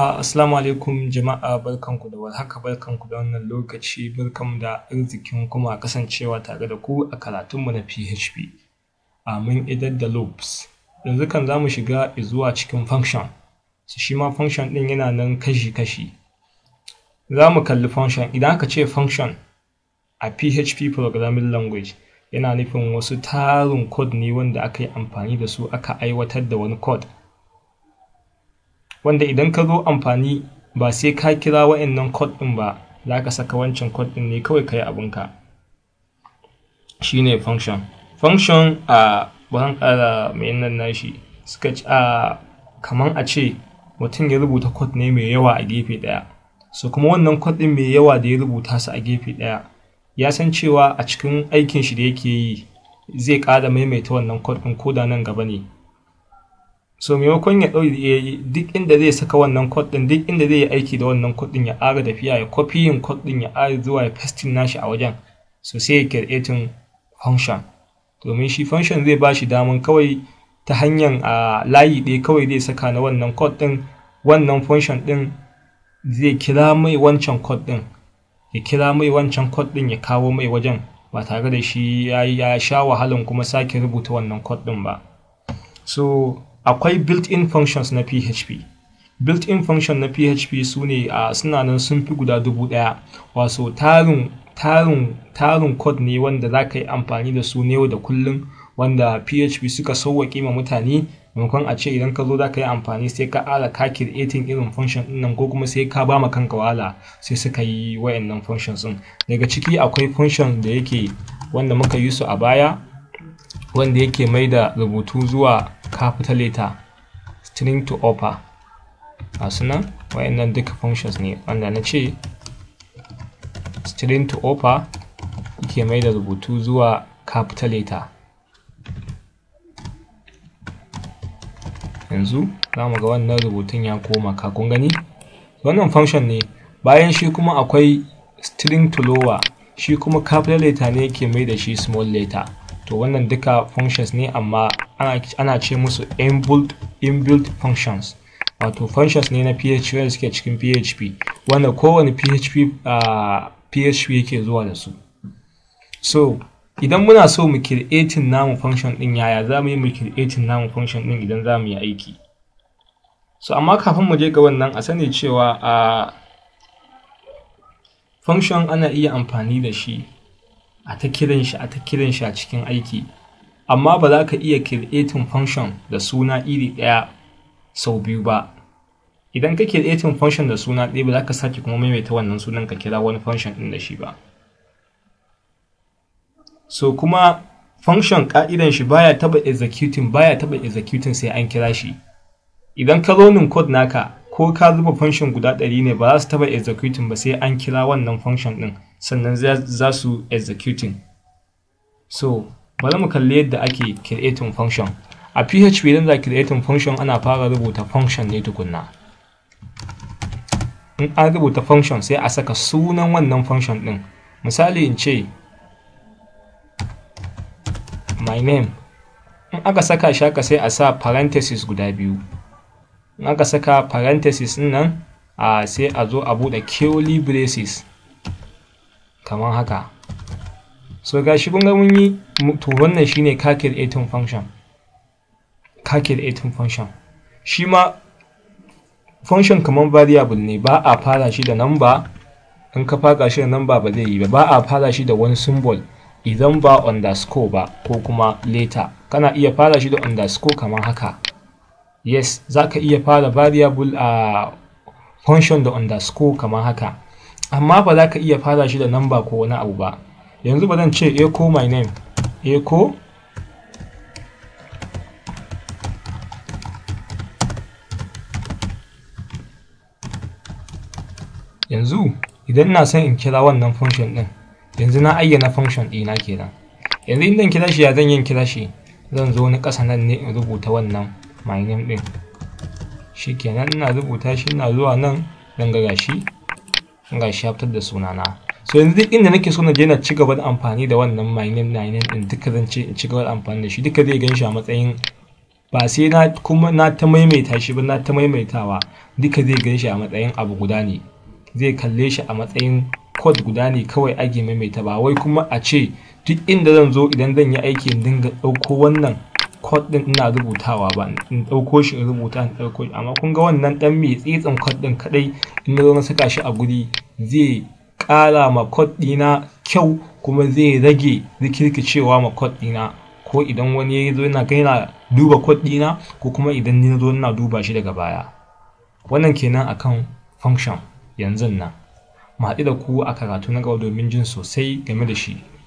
Ah, assalamu alaikum jama'a barkanku da warhaka barkanku da wannan lokaci barkanmu da arzikin kuma kasancewa tare da ku a karatunmu na PHP. Amin ah, idar da loops. Yanzu kan za mu shiga zuwa cikin function. So shi ma function ɗin yana nan kashi-kashi. Za mu kalli function. Idan aka ce function a PHP programming language yana nufin wasu tarin code ne wanda aka yi amfani da su aka aiwatar da wani code. wanda idan ka zo amfani ba sai ka kira wa'annan code ɗin ba za ka saka wancan code ɗin ne kawai ka yi abinka shine function function a ban ƙara mai nan nashi suka ci a kaman a ce mutum ya rubuta code ne mai yawa a gefe ɗaya su kuma wannan code ɗin mai yawa da ya rubuta su a gefe ɗaya ya san cewa a cikin aikin shi da yake yi zai ƙara maimaita wannan code ɗin ko da nan gaba ne so maimakon ya ɗau duk inda zai saka wannan code din duk inda zai yi aiki da wannan code din ya ƙara tafiya ya yin code din ya ƙara zuwa ya pasting nashi a wajen so sai ya creating function domin shi function zai ba shi daman kawai ta hanyar a layi ɗaya kawai zai saka na wannan code din wannan function ɗin zai kira mai wancan code ya kira mai wancan code din ya kawo mai wajen ba tare da shi ya sha wahalan kuma sake rubuta wannan code din ba so akwai built-in functions na PHP. Built-in function na PHP su ne a suna nan sun fi guda dubu ɗaya, Wasu tarin tarin tarin code ne wanda za ka yi amfani da su ne yau da kullum wanda PHP suka sauwaƙe ma mutane maimakon a ce idan ka zo za ka yi amfani sai ka ala ka creating irin function din nan ko kuma sai ka ba ma kanka wahala sai suka yi wayannan functions ɗin daga ciki akwai function da yake wanda muka yi su a baya wanda yake mai da rubutu zuwa capital letter string to offer masu nan wayannan duka functions ne wanda na ce string to offer yake mai da rubutu zuwa capital letter yanzu za mu ga wannan rubutun ya koma ka kun gani wannan function ne bayan shi kuma akwai string to lower shi kuma capital letter ne yake mai da shi small letter to wannan duka functions ne amma ana ce musu inbuilt, inbuilt functions wato functions ne na php wanda suke cikin php wanda kowane php uh, php yake zuwa da su so idan muna so mu creating namu function din yaya za mu yi mu creating namu function din idan za mu yi aiki so amma kafin mu je ga wannan a sani cewa a function ana iya amfani da shi a ta kiran shi a ta kiran shi a cikin aiki amma ba za ka iya creating function da suna iri ɗaya sau biyu ba idan ka creating function da suna ɗaya ba za ka sake kuma maimaita wannan sunan ka kira wani function ɗin da shi ba so kuma function ka'idan shi baya taba executing baya taba executing sai an kira shi idan ka zonin code naka ko ka zuba function guda ɗari ne ba za su taba executing ba sai an kira wannan function ɗin sannan za su executing so bari mu kalli yadda ake creating function a php idan za creating function ana fara rubuta function ne tukunna in an rubuta function sai a saka sunan wannan function din misali in ce my name in aka saka shi sai a sa parenthesis guda biyu in aka saka parenthesis nan a sai a zo a buɗe curly braces kamar haka so gashi shi kun ga mun yi to wannan shine calculating function calculating function shi ma function kamar variable ne ba a fara shi da number in ka faka shi da number ba zai yi ba ba a fara shi da wani symbol idan ba underscore ba ko kuma later kana iya fara shi da underscore kamar haka yes za ka iya fara variable a function da underscore kamar haka amma ba za ka iya fara shi da number ko wani abu ba yanzu ba zan ce echo my name echo yanzu idan na son in kira wannan function din yanzu na ayyana function ɗina kenan yanzu idan kira shi ya zan yin kira shi zan zo ni ƙasa nan ne in rubuta wannan my name ɗin shi kenan ina rubuta shi ina zuwa nan zan ga gashi ga shi ya fitar da sunana so yanzu duk inda nake so na je na ci gaba da amfani da wannan my name my name din duka zan ce in ci gaba da amfani da shi duka zai gan shi a matsayin ba sai na kuma na ta maimaita shi ba na ta maimaitawa duka zai gan shi a matsayin abu guda ne zai kalle shi a matsayin code guda ne kawai ake maimaita ba wai kuma a ce duk inda zan zo idan zan yi aiki in dinga ɗauko wannan code din ina rubutawa ba in ɗauko shi in rubuta in ɗauko shi amma kun ga wannan ɗan mai tsitsin code din kaɗai in na zo na saka shi a guri zai kala makot kyau kuma zai rage rikirkicewa ma code ɗina ko idan wani ya zo yana gaina duba code ɗina ko kuma idan ni zo ina duba shi daga baya wannan kenan akan function yanzu nan mu da ku a karatu na gaba domin jin sosai game da shi